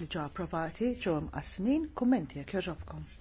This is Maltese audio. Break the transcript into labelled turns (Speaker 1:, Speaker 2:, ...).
Speaker 1: li ġew approvati ġew mqasmin, kummenti jekk joġobkom.